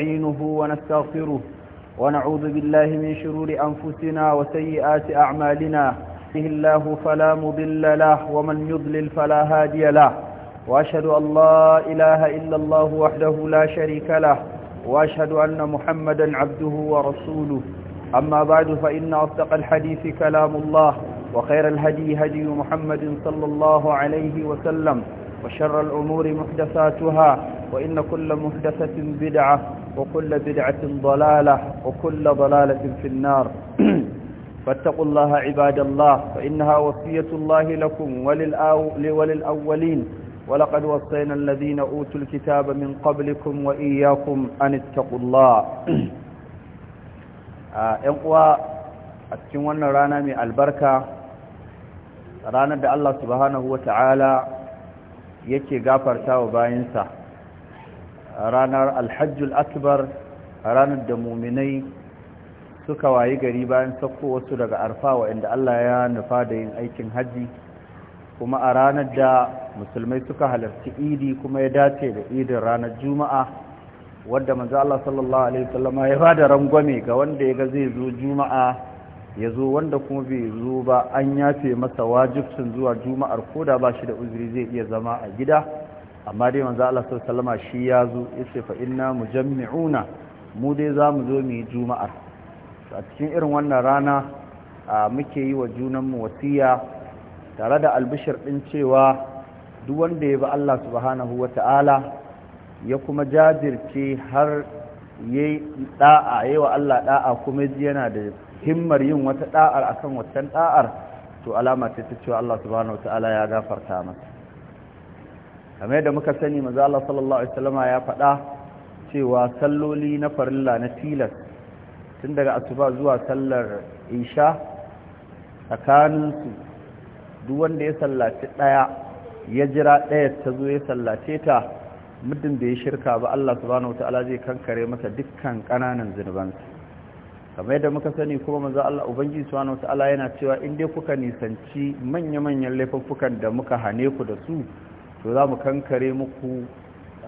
نستعينه ونستغفره ونعوذ بالله من شرور أنفسنا وسيئات أعمالنا به الله فلا مضل له ومن يضلل فلا هادي له وأشهد أن لا إله إلا الله وحده لا شريك له وأشهد أن محمدا عبده ورسوله أما بعد فإن أصدق الحديث كلام الله وخير الهدي هدي محمد صلى الله عليه وسلم وشر الأمور محدثاتها وإن كل محدثة بدعة وكل بدعة ضلالة وكل ضلالة في النار فاتقوا الله عباد الله فإنها وصية الله لكم وللأولين ولقد وصينا الذين أوتوا الكتاب من قبلكم وإياكم أن اتقوا الله ينقوى آه، أتكون رانا من البركة رانا بأ الله سبحانه وتعالى yake gafarta wa bayansa ranar alhajjul akbar ranar da muminai suka wayi gari bayan sauko wasu daga arfa inda Allah ya nufa da yin aikin hajji kuma a ranar da musulmai suka halarci idi kuma ya dace da idin ranar juma'a wadda manzo Allah sallallahu alaihi wasallam ya bada rangwame ga wanda ya ga zai zo juma'a ya zo wanda kuma bai zo ba an yafe masa wajibcin zuwa juma'ar ko da ba shi da uzuri zai iya zama a gida amma dai manzo Allah sallama shi ya zo yace fa inna mujammi'una mu dai za mu zo mu yi juma'ar a cikin irin wannan rana muke yi wa junan mu wasiya tare da albishir din cewa duk wanda ya bi Allah subhanahu wata'ala ya kuma jajirce har yayi da'a yayi wa Allah da'a kuma yana da himmar yin wata da'ar akan watan da'ar to alama ce ta cewa Allah subhanahu wataala ya gafarta masa kamar yadda muka sani manzo Allah sallallahu alaihi wasallama ya faɗa cewa salloli na farilla na tilas tun daga asuba zuwa sallar isha tsakaninsu duk wanda ya sallaci ɗaya ya jira ɗaya ta zo ya sallace ta muddin da ya shirka ba Allah subhanahu wataala zai kankare masa dukkan ƙananan zunubansa kamar yadda muka sani kuma manzo Allah ubangiji subhanahu wataala yana cewa in dai kuka nisanci manya-manyan laifuffukan da muka hane ku da su to za mu kankare muku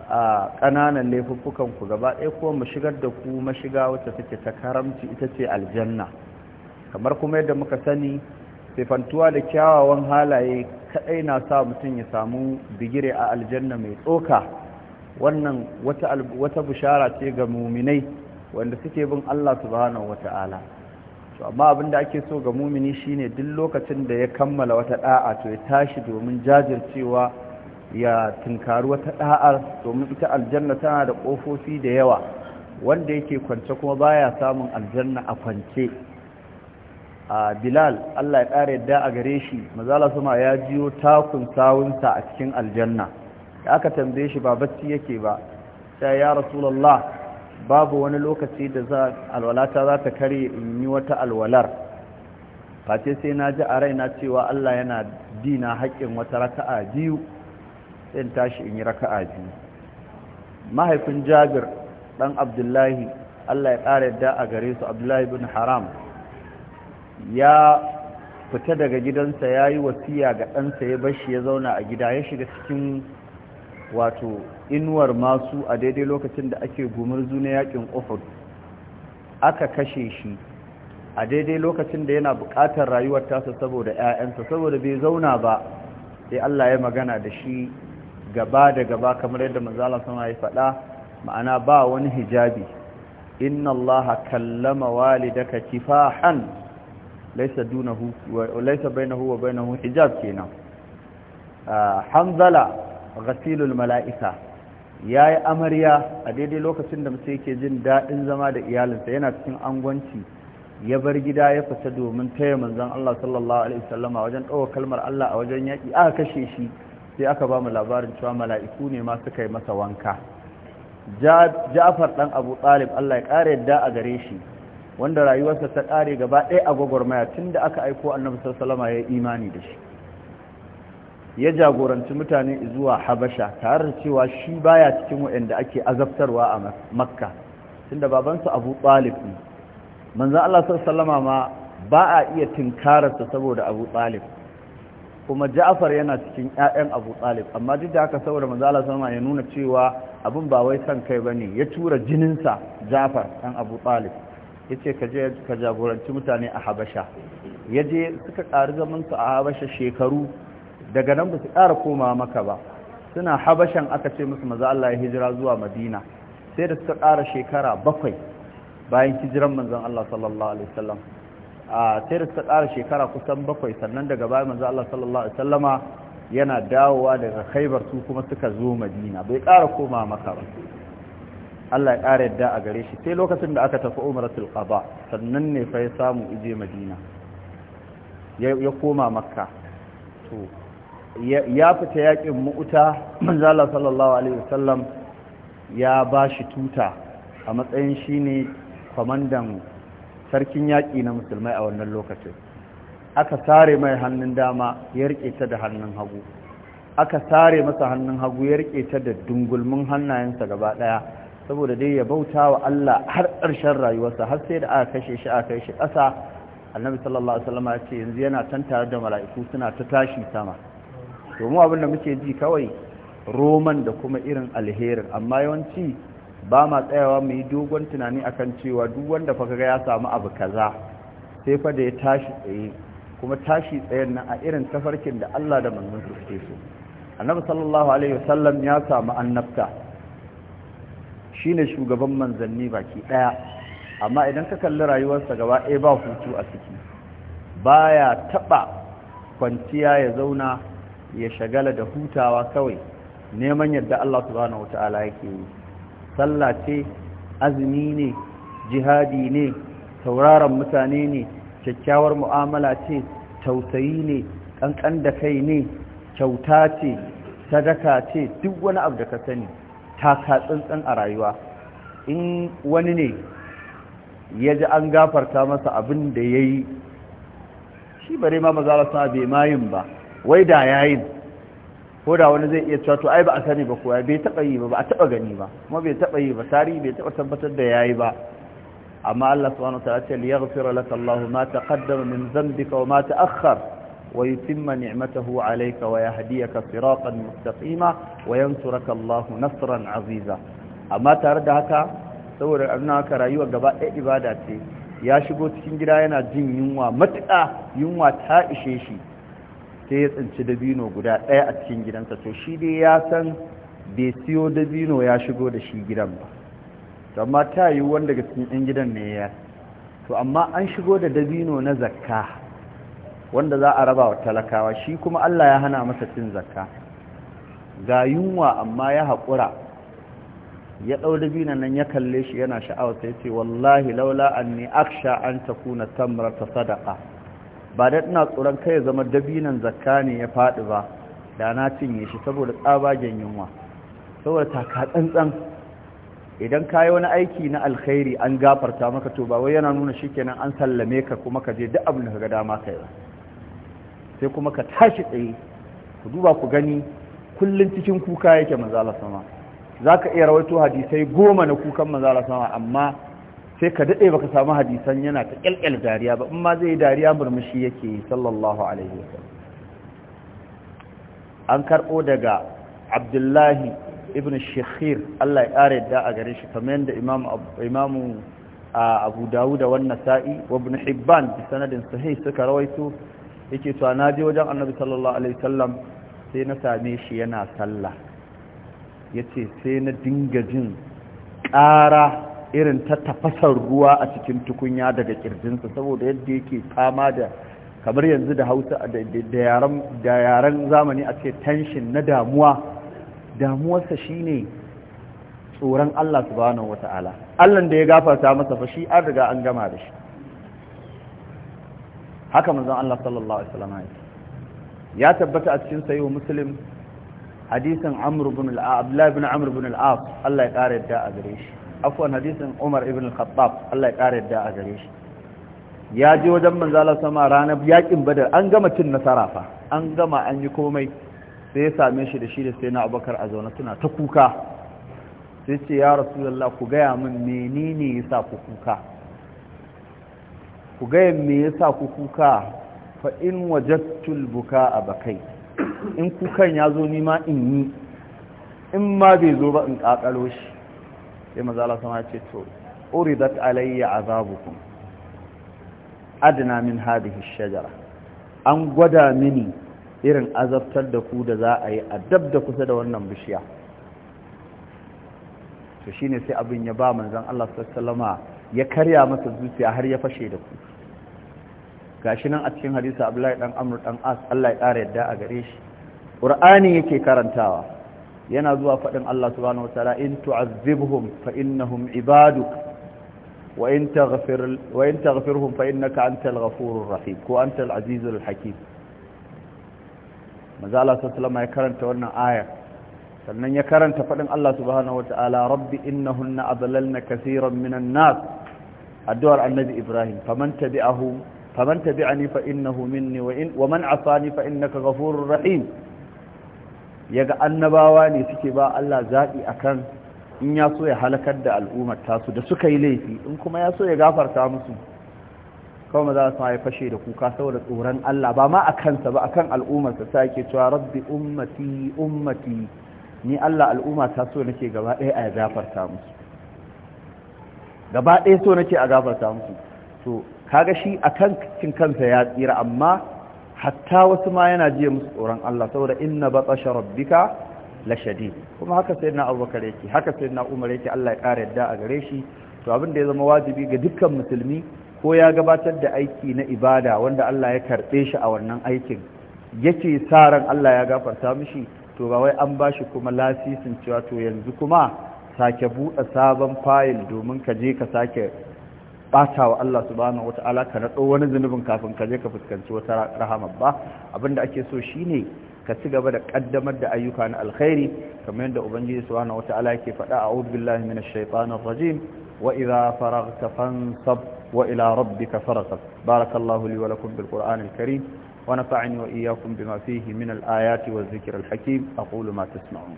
a kananan laifuffukan ku gaba ɗaya kuma mu shigar da ku mashiga wacce take ta karamci ita ce aljanna kamar kuma yadda muka sani sifantuwa da kyawawan halaye kadai na sa mutum ya samu bigire a aljanna mai tsoka wannan wata bishara ce ga muminai wanda suke bin Allah subhanahu wata'ala to amma abin da ake so ga mumini shine duk lokacin da ya kammala wata da'a to ya tashi domin jajircewa ya tunkari wata da'ar domin ita aljanna tana da kofofi da yawa wanda yake kwance kuma baya samun aljanna a kwance a bilal allah ya ƙara yadda a gare shi mazala suma ya jiyo takun sawunsa a cikin aljanna da aka tambaye shi ba bacci yake ba sai ya rasulallah babu wani lokaci da za alwalata za ta kare in yi wata alwalar face sai na ji a raina cewa Allah yana dina haƙƙin wata raka'a biyu sai tashi in yi raka'a biyu mahaifin jabir ɗan abdullahi Allah ya ƙara yadda a gare su abdullahi bin haram ya fita daga gidansa ya yi wasiya ga ɗansa ya bashi ya zauna a gida ya shiga cikin wato inuwar masu a daidai lokacin da ake gumurzu na yakin uhud aka kashe shi a daidai lokacin da yana bukatar rayuwar tasa saboda 'ya'yansa saboda bai zauna ba sai Allah ya magana da shi gaba da gaba kamar yadda manzala sama ya faɗa ma'ana ba wani hijabi inna Allah kallama walidaka kifahan laysa dunahu wa laysa bainahu wa bainahu hijab kenan ah, hamzala ghasilul mala'ika yayi amarya a daidai lokacin da mutum yake jin daɗin zama da iyalinsa yana cikin angwanci ya bar gida ya fita domin taya manzon Allah sallallahu alaihi wasallama wajen ɗaukar kalmar Allah a wajen yaki aka kashe shi sai aka ba mu labarin cewa mala'iku ne ma suka yi masa wanka Ja'far dan Abu Talib Allah ya kare yadda a gare shi wanda rayuwarsa ta kare gaba ɗaya a gwagwarmaya tunda aka aiko annabi sallallahu alaihi wasallama ya imani da shi ya jagoranci mutane zuwa habasha tare da cewa shi baya cikin waɗanda ake azabtarwa a makka tunda babansa abu talib ne manzo Allah sallama ma ba a iya tinkararsa saboda abu talib kuma ja'far yana cikin 'ya'yan abu talib amma duk da haka saboda manzo Allah sallama ya nuna cewa abin ba wai san kai bane ya tura jininsa ja'far ɗan abu talib yace ka je ka jagoranci mutane a habasha yaje suka ƙari zaman su a habasha shekaru daga nan ba su ƙara koma maka ba suna habashan aka ce musu maza Allah ya hijira zuwa madina sai da suka ƙara shekara bakwai bayan hijiran manzan Allah sallallahu alaihi wasallam a sai da suka ƙara shekara kusan bakwai sannan daga bayan manzan Allah sallallahu alaihi wasallama yana dawowa daga khaibar su kuma suka zo madina bai ƙara koma maka ba Allah ya ƙara yadda a gare shi sai lokacin da aka tafi umratul qaba sannan ne fa ya samu ije madina ya koma makka to ya fita yakin mu'uta manzala sallallahu alaihi wasallam ya ba shi tuta a matsayin shine kwamandan sarkin yaƙi na musulmai a wannan lokacin aka sare mai hannun dama ya rike ta da hannun hagu aka sare masa hannun hagu ya rike ta da dungulmin hannayensa gaba ɗaya saboda dai ya bauta wa Allah har ƙarshen rayuwarsa har sai da aka kashe shi aka kai shi ƙasa annabi sallallahu alaihi wasallam ya ce yanzu yana tantara da mala'iku suna ta tashi sama to mu abin da muke ji kawai roman da kuma irin alherin amma yawanci ba ma tsayawa mu yi dogon tunani akan cewa duk wanda fa kaga ya samu abu kaza sai fa da ya tashi tsaye kuma tashi tsayen nan a irin tafarkin da Allah da manzon su yake so annabi sallallahu alaihi wasallam ya samu annabta shine shugaban manzanni baki daya amma idan ka kalli rayuwarsa gaba ɗaya ba hutu a ciki baya taba kwanciya ya zauna ya shagala da hutawa kawai neman yadda Allah subhanahu wata'ala yake yi sallah ce azumi ne jihadi ne tauraron mutane ne kyakkyawar mu'amala ce tausayi ne ƙanƙan da kai ne kyauta ce sadaka ce duk wani abu da ka sani taka tsantsan a rayuwa in wani ne ya ji an gafarta masa abin da ya yi shi bare ma maza sa bai mayin ba wai da yayin ko da wani zai iya cewa to ai ba a sani ba kuwa bai taba yi ba ba a taba gani ba kuma bai taba yi ba tarihi bai taba tabbatar da yayi ba amma Allah subhanahu wa ta'ala ce liyaghfira laka Allahu ma taqaddama min dhanbika wa ma ta'akhkhar wa yutimma ni'matahu 'alayka wa yahdiyaka siratan mustaqima wa yansuraka Allahu nasran 'aziza amma tare da haka saboda annaka ka rayuwa gaba ɗaya ibada ce ya shigo cikin gida yana jin yunwa matuƙa yunwa ta ishe shi sai ya tsinci dabino guda ɗaya a cikin gidansa to shi dai ya san bai siyo dabino ya shigo da shi gidan ba amma ta yi wanda daga cikin ɗan gidan ne ya to amma an shigo da dabino na zakka wanda za a raba wa talakawa shi kuma Allah ya hana masa cin zakka ga yunwa amma ya haƙura ya ɗau dabinan nan ya kalle shi yana sha'awa sai ce wallahi laula anni aksha an takuna tamrata sadaqa ba da ina tsoron kai ya zama dabinan zakka ne ya faɗi ba da na cinye shi saboda tsabagen yunwa saboda taka tsantsan idan ka wani aiki na alkhairi an gafarta maka to ba wai yana nuna shikenan an sallame ka kuma ka je duk abin da ka dama kai ba sai kuma ka tashi tsaye ku duba ku gani kullun cikin kuka yake manzo Allah sama zaka iya rawaito hadisai goma na kukan manzo Allah sama amma sai ka daɗe baka samu hadisan yana ta ƙyalƙyal dariya ba in ma zai yi dariya murmushi yake yi sallallahu alaihi an karɓo daga abdullahi ibn shekhir Allah ya ƙara yadda a gare shi kamar yadda imamu abu dawuda wannan sa'i wa ibn hibban da sanadin sahih suka rawaito yake to na je wajen annabi sallallahu alaihi wasallam sai na same shi yana sallah yace sai na dinga jin ƙara irin ta tafasar ruwa a cikin tukunya daga kirjinsa saboda yadda yake fama da kamar yanzu da hausa da yaren zamani a ce tension na damuwa damuwarsa shine tsoron Allah subhanahu wata'ala Allah da ya gafarta masa fa shi an riga an gama da shi haka manzon Allah sallallahu alaihi wasallam ya tabbata a cikin sahihu muslim hadisin amr ibn al ibn amr ibn al Allah ya kare yadda a gare shi afwan hadisin Umar ibn al-Khattab Allah ya kare da a gare shi ya je wajen manzala sama ranar yakin badar an gama cin nasara fa an gama an yi komai sai ya same shi da shi da sai na abubakar a zaune tana ta kuka sai ce ya rasulullah ku gaya min menene ya sa ku kuka ku gaya me ya sa ku kuka fa in wajattul buka a bakai in kukan ya zo nima in yi in ma bai zo ba in kakalo shi sai maza Allah sama ya ce to uridat alayya azabukum adna min hadhihi ash-shajara an gwada mini irin azabtar da ku da za a yi adab da kusa da wannan bishiya to shine sai abin ya ba manzon Allah sallallahu ya karya masa zuciya har ya fashe da ku gashi nan a cikin hadisi Abdullahi dan Amr dan As Allah ya ƙara yadda a gare shi Qur'ani yake karantawa yana zuwa faɗin Allah subhanahu wataala in tu'azzibhum fa innahum ibaduk wa in taghfir wa in taghfirhum fa innaka antal ghafurur rahim ko antal azizul hakim mazala sallama ya karanta wannan aya sannan ya karanta faɗin Allah subhanahu wataala rabbi innahunna adallalna kaseeran minan nas addu'ar annabi Ibrahim faman tabi'ahu faman tabi'ani fa innahu minni wa in wa man 'asani fa innaka ghafurur rahim yaga annabawa ne suke ba Allah zaɓi akan in ya so ya halakar da al'ummar tasu da suka yi laifi in kuma ya so ya gafarta musu kawai maza su haifa fashe da kuka saboda tsoron Allah ba ma a kansa ba a kan al'ummarsa ta yake cewa rabbi ummati ummati ni Allah al'umma ta so nake gaba ɗaya a gafarta musu gaba ɗaya so nake a gafarta musu to kaga shi akan cin kansa ya tsira amma hatta wasu ma yana jiya musu tsoron Allah saboda inna batsha rabbika la shadid kuma haka sai na Abubakar yake haka sai na Umar yake Allah ya kare yadda a gare shi to abin da ya zama wajibi ga dukkan musulmi ko ya gabatar da aiki na ibada wanda Allah ya karbe shi a wannan aikin yake sa ran Allah ya gafarta mishi to ba wai an bashi kuma lasisin cewa to yanzu kuma sake buɗe sabon fayil domin ka je ka sake bata wa Allah subhanahu wataala ka nado wani zunubin kafin ka je ka fuskanci wata rahama ba abinda ake so shine ka ci gaba da kaddamar da ayyuka na alkhairi kamar yadda ubangiji subhanahu wataala yake faɗa a'udhu billahi minash shaitanir rajim wa idha faraghta fansab wa ila rabbika farghab barakallahu li wa lakum bil qur'anil karim wa nafa'ani wa iyyakum bima fihi min al ayati waz zikril hakim aqulu ma tasma'un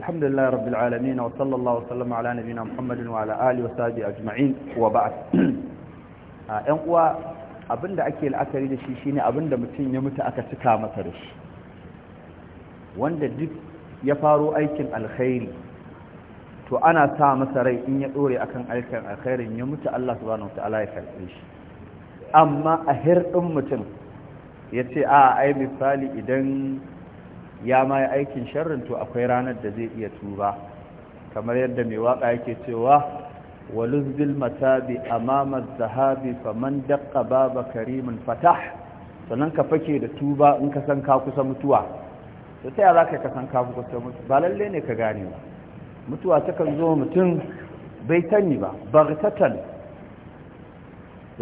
الحمد لله رب العالمين وصلى الله وسلم على نبينا محمد وعلى آله وصحبه أجمعين وبعد ‘yan uwa abinda ake la'akari da shi shine abinda mutum ya mutu aka cika masa da shi wanda duk ya faro aikin alkhairi to ana sa masa rai in ya dore akan aikin alkhairin ya mutu Allah subhanahu wataala ya karbe shi amma a hirɗin mutum ya ce a ah, ai misali idan ya ma yi aikin sharrin to akwai ranar da zai iya tuba kamar yadda mai waka yake cewa waluzbil matabi amama zahabi faman daqqa baba karimin fatah sannan ka fake da tuba in ka san ka kusa mutuwa to ta za ka san ka kusa mutuwa ba lalle ne ka gane ba mutuwa takan zo mutum bai sani ba bagtatan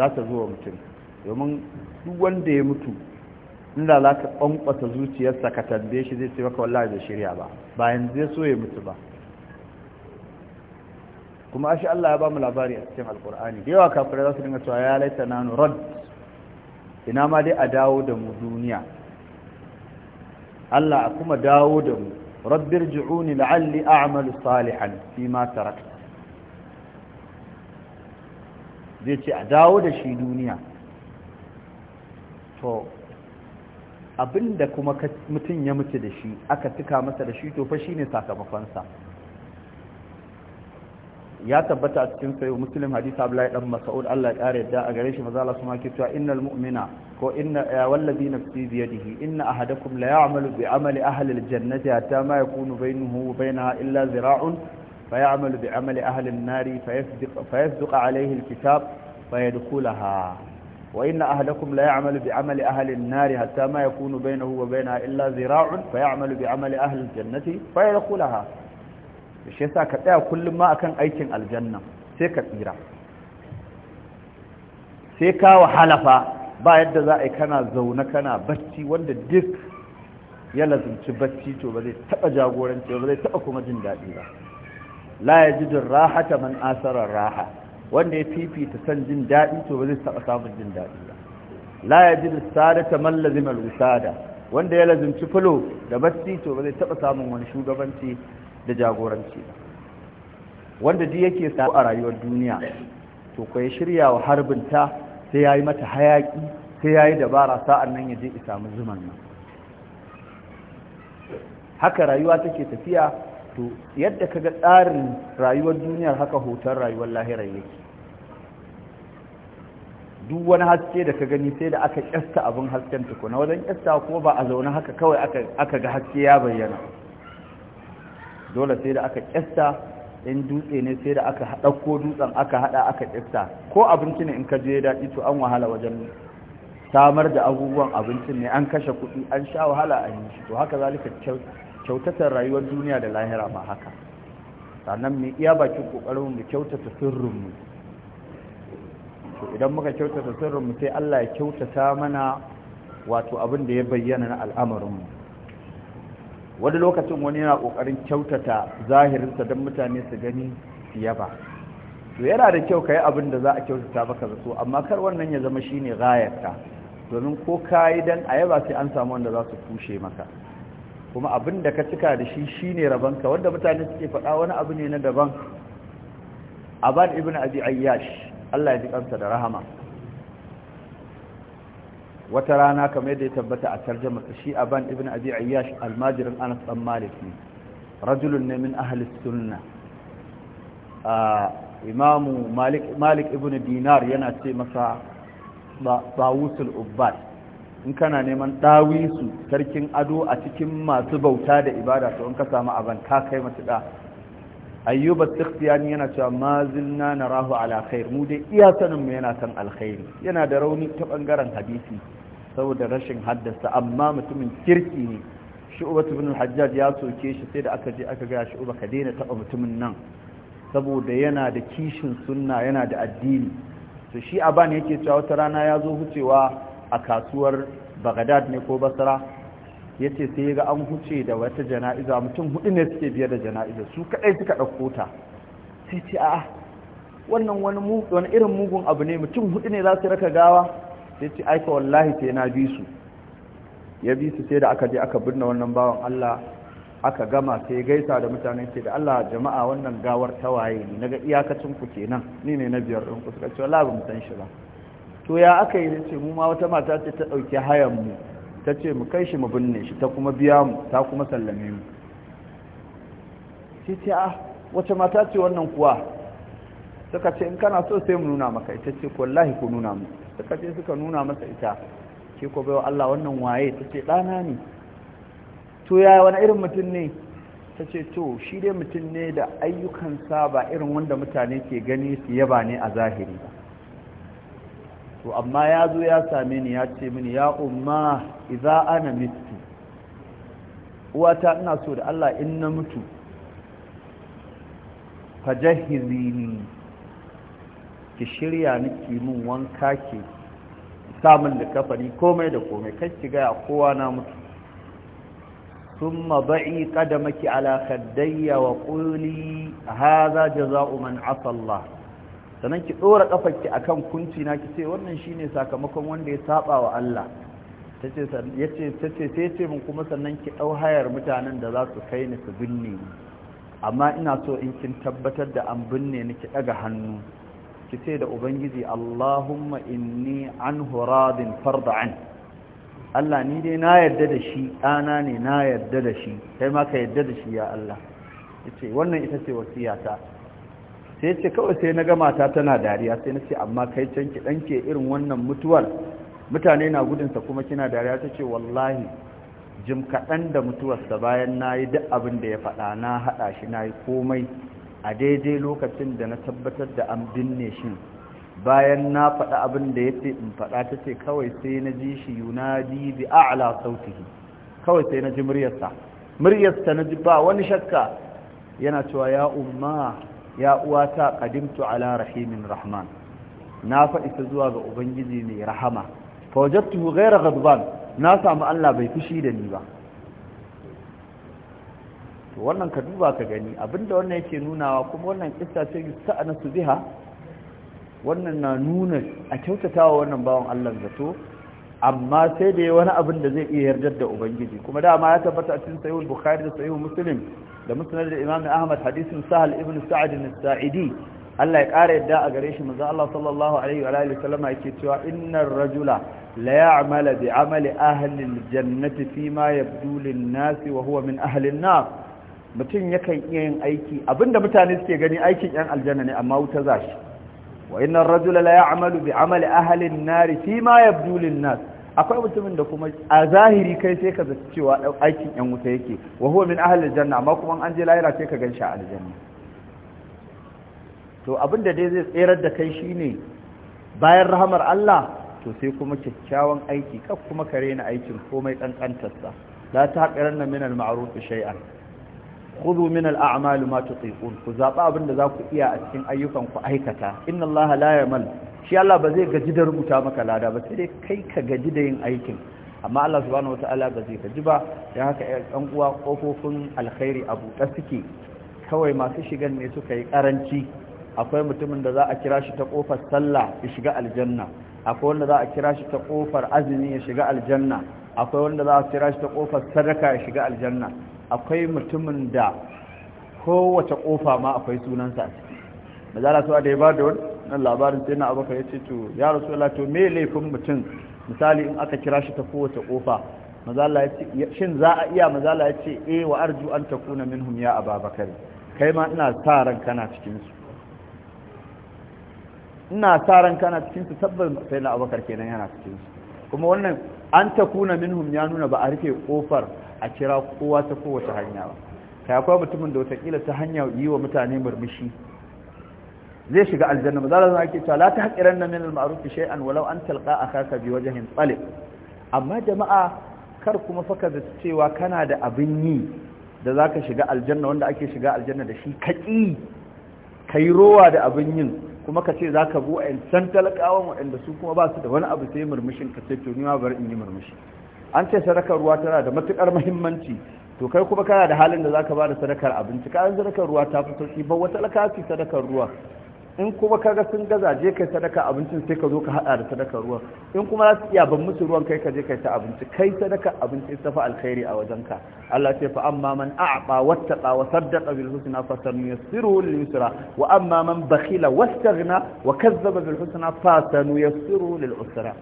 za ta zo mutum domin duk wanda ya mutu inda za ka ƙwanƙwata zuciyarsa ka tambaye shi zai maka wallahi da shirya ba bayan zai so ya mutu ba kuma ashe Allah ya ba mu labari a cikin alkur'ani da yawa kafirai za su dinga cewa ya laita na nurad ina ma dai a dawo da mu duniya Allah a kuma dawo da mu rabbir ji'uni la'alli a'malu salihan fi ma tarak zai ce a dawo da shi duniya to abinda kuma mutum ya mutu da shi aka tuka masa da shi tofa shi ne sakamakonsa ya tabbata a cikin sayo muslim hadisa abdullahi dan mas'ud Allah ya kare da a gare shi maza Allah suma ke cewa innal mu'mina ko inna eh, wallazi nafsi bi yadihi inna ahadakum la ya'malu bi amali jannati aljannati ta ma yakunu bainahu wa bainaha illa zira'un fa ya'malu bi amali ahli an-nari fa yasduq fa yasduq alayhi alkitab fa yadkhulaha وإن أهلكم لا يعمل بعمل أهل النار حتى ما يكون بينه وبينها إلا ذراع فيعمل بعمل أهل الجنة فيدخلها shi yasa ka tsaya kullum ma akan aikin aljanna sai ka tsira sai ka wahala ba yadda za a yi kana zauna kana bacci wanda duk ya lazunci bacci to ba zai taba jagoranci ba zai taba kuma jin daɗi ba la yajidun raha man asarar raha wanda ya fifita san jin daɗi to ba zai taɓa samun jin daɗi ba la ya ji sadata ta al wanda ya lazimci fulo da batti to ba zai taɓa samun wani shugabanci da jagoranci ba wanda duk yake sa a rayuwar duniya to ko ya shirya wa harbin ta sai yayi mata hayaƙi sai yayi dabara sa'an nan ya je ya samu zuman nan haka rayuwa take tafiya to yadda kaga tsarin rayuwar duniya haka hoton rayuwar lahirar yake duk wani haske da ka gani sai da aka kyasta abin hasken na wajen kyasta ko ba a zaune haka kawai aka ga haske ya bayyana dole sai da aka kyasta in dutse ne sai da aka ko dutsen aka haɗa aka kyasta ko abinci ne in ka je daɗi to an wahala wajen samar da abubuwan abincin ne an kashe kuɗi an sha wahala a yi to haka zalika kyautatar rayuwar duniya da lahira ba haka sannan mai iya bakin kokarin mu kyautata sirrinmu to idan muka kyautata sirrinmu sai Allah ya kyautata mana wato abin da ya bayyana na al'amarinmu wani lokacin wani yana kokarin kyautata zahirinsa don mutane su gani fiye ba to yana da kyau ka yi abin da za a kyautata baka zato amma kar wannan ya zama shine gayarka domin ko ka yi don a yaba sai an samu wanda za su kushe maka kuma abin da ka cika da shi shine rabanka wanda mutane suke faɗa wani abu ne na daban abad ibn abi ayyash Allah ya ji kansa da rahama wata rana kamar yadda ya tabbata a tarjama shi aban ibn abi ayyash almajirin anas dan malik ne rajulun ne min ahli sunna imamu malik malik ibn dinar yana ce masa bawusul ubbad in kana neman ɗawisu sarkin ado a cikin masu bauta da ibada to in ka samu aban ka kai matuɗa ayyuba sikhtiyani yana cewa ma na na ala khair mu dai iya sanin mu yana kan alkhairi yana da rauni ta bangaren hadisi saboda rashin haddasa amma mutumin kirki ne shu'bat ibn al-hajjaj ya soke shi sai da aka je aka ga shu'ba ka daina taɓa mutumin nan saboda yana da kishin sunna yana da addini to shi aban yake cewa wata rana ya zo hucewa a kasuwar bagadad ne ko basra ya ce sai ga an huce da wata jana'iza mutum hudu ne suke biyar da jana'iza su kadai suka ɗauko ta sai ce a wannan wani irin mugun abu ne mutum hudu ne za su raka gawa sai ce aika wallahi sai na bi su ya bi su sai da aka je aka binne wannan bawan Allah aka gama sai gaisa da mutane. ce da Allah jama'a wannan gawar tawaye ne naga iyakacin ku kenan ni ne na biyar ɗin ku suka ce wallahi ba mu san shi ba to ya aka yi ce mu ma wata mata ce ta ɗauki hayan mu ta ce mu kai shi mu binne shi ta kuma biya mu ta kuma sallame mu sai ta ah, wace mata ce wannan kuwa suka ce in kana so sai mu nuna maka ita ce wallahi ku nuna mu suka ce suka nuna masa ita ke ko bayo Allah wannan waye ta ce ɗana ne to ya wani irin mutum ne ta ce to shi dai mutum ne da ayyukansa ba irin wanda mutane ke gani su yaba ne a zahiri ba to amma ya zo ya same ni ya ce mini ya umma idza ana mitu uwata ina so da Allah in na mutu ni ki shirya ni ki mun wanka ke samun da kafari komai da komai kai ki ga kowa na mutu ثم ضعي قدمك على خدي وقولي هذا جزاء من عصى الله sannan ki ɗora ƙafarki a kan kunci na ki ce wannan shi sakamakon wanda ya saba wa Allah ta ce sai ce min kuma sannan ki ɗau hayar mutanen da za su kai ni su binne ni amma ina so in kin tabbatar da an binne ni ki daga hannu ki ce da ubangiji Allahumma inni an huradin farda an Allah ni dai na yarda da shi ɗana ne na yarda da shi kai ma ka yarda da shi ya Allah wannan ita ce wasiyata sai ce kawai sai na ga mata tana dariya sai na ce amma kai can ki danke irin wannan mutuwar mutane na gudunsa kuma kina dariya ta ce wallahi jim kaɗan da mutuwarsa bayan na yi duk abin da ya faɗa na haɗa shi na komai a daidai lokacin da na tabbatar da an binne shi bayan na fada abin da ya in faɗa ta ce kawai sai na ji shi yunadi bi a'la sautihi kawai sai na ji muryarsa muryarsa na ji ba wani shakka yana cewa ya umma ya uwata kadimtu ala rahimin rahman na faɗi ta zuwa ga ubangiji mai rahama fa wajadtuhu ghayra ghadban na samu Allah bai fushi da ni ba to wannan ka duba ka gani abinda wannan yake nunawa kuma wannan kissa ce sa'ana su biha wannan na nuna a kyautatawa wannan bawan Allah zato amma sai da wani abin da zai iya yardar da ubangiji kuma dama ya tabbata a cikin sahihul bukhari da sahih muslim da musnad da imam ahmad hadisin sahal ibn sa'd as-sa'idi Allah ya kara yadda a gare shi manzo Allah sallallahu alaihi wa alihi sallama yake cewa innar rajula la ya'mala bi amali ahli al-jannati fima yabdu lin-nas wa huwa min ahli an-nar mutum yakan iya yin aiki abinda mutane suke gani aikin yan aljanna ne amma wuta zashi wa inna ar-rajula la ya'malu bi amali ahli an fi ma yabdu lin-nas akwai mutumin da kuma a zahiri kai sai ka zaci cewa aikin yan wuta yake wa huwa min ahli al-janna amma kuma an je lahira sai ka ganshi a aljanna to abinda dai zai tserar da kai shine bayan rahamar Allah to sai kuma kyakkyawan aiki kaf kuma kare na aikin komai kankantarsa la ta haƙiran min al shay'an khudhu min al-a'mal ma tutiqun ku zaba abinda da zaku iya a cikin ayyukan ku aikata inna Allah la yamal shi Allah ba zai gaji da rubuta maka lada ba sai dai kai ka gaji da yin aikin amma Allah subhanahu wata'ala ba gaji ba dan haka ɗan uwa kofofin alkhairi abu suke kawai masu shigan ne suka yi karanci akwai mutumin da za a kira shi ta kofar sallah ya shiga aljanna akwai wanda za a kira shi ta kofar azumi ya shiga aljanna akwai wanda za a kira shi ta kofar sadaka ya shiga aljanna akwai mutumin da kowace kofa ma akwai sunansa a ciki mazala su da ya ba da wani? Nan labarin sai na abubakar ya ce to ya rasu to me laifin mutum misali in aka kira shi ta kowace kofa mazala ya ce shin za a iya mazala ya ce eh wa arju an takuna minhum ya Babakari. kai ma ina sa ran kana cikinsu. ina sa ran kana cikinsu tabbas sai na abubakar kenan yana cikinsu. kuma wannan an takuna min ya nuna ba a rufe kofar a kira kowa ta kowace hanya ba kai akwai mutumin da watakila ta hanya yi wa mutane murmushi zai shiga aljanna ba za ake cewa la ta haƙiran na minal ma'aruf shay'an walau an talqa akaka bi wajhin talib amma jama'a kar kuma faka da cewa kana da abin yi da zaka shiga aljanna wanda ake shiga aljanna da shi kaki kai rowa da abin yin kuma ka ce zaka bu a san talakawan waɗanda su kuma ba su da wani abu sai murmushin ka ce to ni ma bar in yi murmushi an ce sadakar ruwa tana da matukar muhimmanci to kai kuma kana da halin da zaka bada sadakar abinci Kayan sadakar ruwa ta fito ki ba wata lakaci sadakar ruwa in kuma kaga sun gaza je kai sadaka abincin sai ka zo ka hada da sadakar ruwa in kuma za su iya ban musu ruwan kai ka je kai ta abinci kai sadaka abinci ta fa alkhairi a wajenka Allah ce fa amma man a'ba wattaqa wa saddaqa bil husna fa sanuyassiru lil yusra wa amma man bakhila wastaghna wa kazzaba bil husna fa sanuyassiru lil usra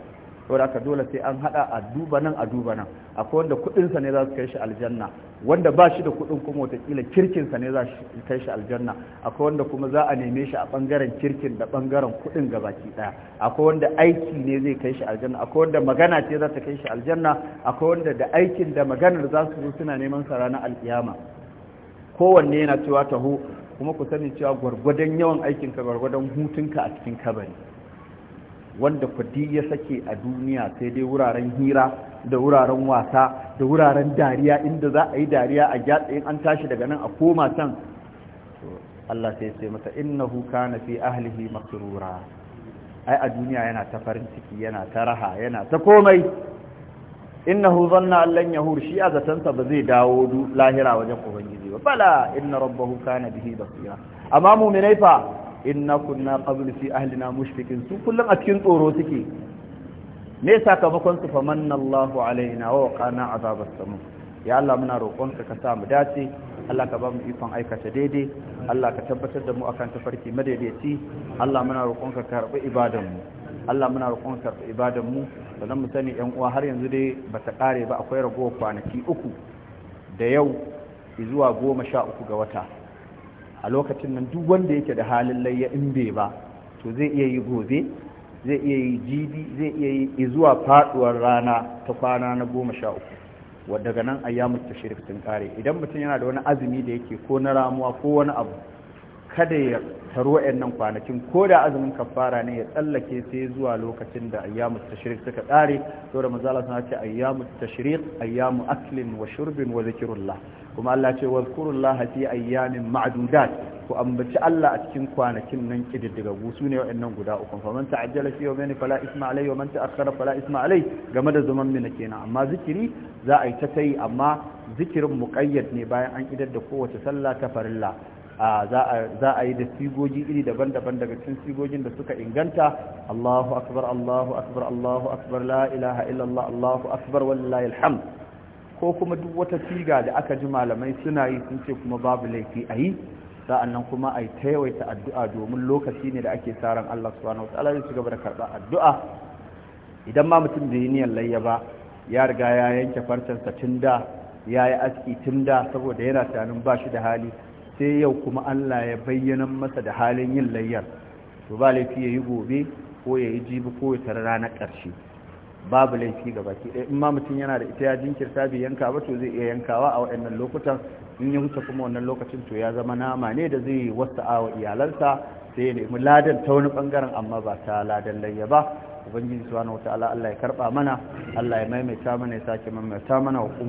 saboda aka dole sai an hada a duba nan a duba nan akwai wanda kudinsa ne za su kai shi aljanna wanda ba shi da kudin kuma watakila kirkinsa ne za su kai shi aljanna akwai wanda kuma za a neme shi a bangaren kirkin da bangaren kudin gabaki daya akwai wanda aiki ne zai kai shi aljanna akwai wanda magana ce za ta kai shi aljanna akwai wanda da aikin da maganar za su zo suna neman sa ranar alkiyama kowanne yana cewa taho kuma ku sani cewa gwargwadon yawan aikinka gwargwadon hutunka a cikin kabari wanda kudi ya sake a duniya sai dai wuraren hira da wuraren wasa da wuraren dariya inda za a yi dariya a gyatsa in an tashi daga nan a koma can Allah sai sai masa innahu kana fi ahlihi masrura ai a duniya yana ta farin ciki yana ta raha yana ta komai innahu zanna an lan yahur shi a zatansa ba zai dawo lahira wajen ubangiji ba bala inna rabbahu kana bihi basira amma mu'minai fa inna kunna qablu fi ahlina mushfiqin su kullum a cikin tsoro suke me sakamakon su famanna Allahu alaina wa qana azabas samu ya Allah muna roƙonka ka sa mu dace Allah ka ba mu ikon aikata daidai Allah ka tabbatar da mu akan tafarki madaidaici Allah muna roƙonka ka karɓi ibadan mu Allah muna roƙonka ka karɓi ibadan mu sannan mu sani ƴan uwa har yanzu dai bata kare ba akwai ragowar kwanaki uku da yau zuwa goma sha uku ga wata a lokacin nan duk wanda yake da halin layya in bai ba to zai iya yi gobe zai iya yi jibi zai iya yi zuwa faduwar rana ta kwana na goma sha uku wadda daga nan ayyamu tashirik sun kare idan mutum yana da wani azumi da yake ko na ramuwa ko wani abu kada ya taru waɗannan kwanakin ko da azumin kafara ne ya tsallake sai zuwa lokacin da ayyamu tashriq suka tsare to da manzo Allah ce ayyamu tashriq ayyamu aklin wa shurbin wa zikrullah kuma Allah ce zkurullah fi ayyamin ma'dudat ku ambaci Allah a cikin kwanakin nan kididdigagu su ne wa'annan guda uku fa man ta'ajjala fi yawmin fala isma alayhi wa man ta'akhkhara fala isma alayhi game da zaman mina kenan amma zikiri za a yi ta tai amma zikirin muqayyad ne bayan an idar da kowace sallah ta farilla za a yi da sigogi iri daban-daban daga cikin sigogin da suka inganta Allahu akbar Allahu akbar Allahu akbar la ilaha illallah Allahu akbar wallahi alhamd ko kuma duk wata siga da aka ji malamai suna yi sun ce kuma babu laifi a yi sa'annan kuma a yi ta yawaita addu'a domin lokaci ne da ake saran Allah subhanahu wataala zai ci da karɓar addu'a idan ma mutum bai yi niyyar layya ba ya riga ya yanke farcensa tun da ya yi aski tunda saboda yana tunanin ba shi da hali sai yau kuma Allah ya bayyana masa da halin yin layyar to ba laifi ya yi gobe ko ya yi jibi ko ya tarara na ƙarshe babu laifi ga baki ɗaya in ma mutum yana da ita ya jinkirta bai yanka ba to zai iya yankawa a waɗannan lokutan in ya wuce kuma wannan lokacin to ya zama nama ne da zai a wa iyalansa sai ya nemi ladan ta wani ɓangaren amma ba ta ladan layya ba ubangiji subhanahu wataala Allah ya karba mana Allah ya maimaita mana ya sake maimaita mana wa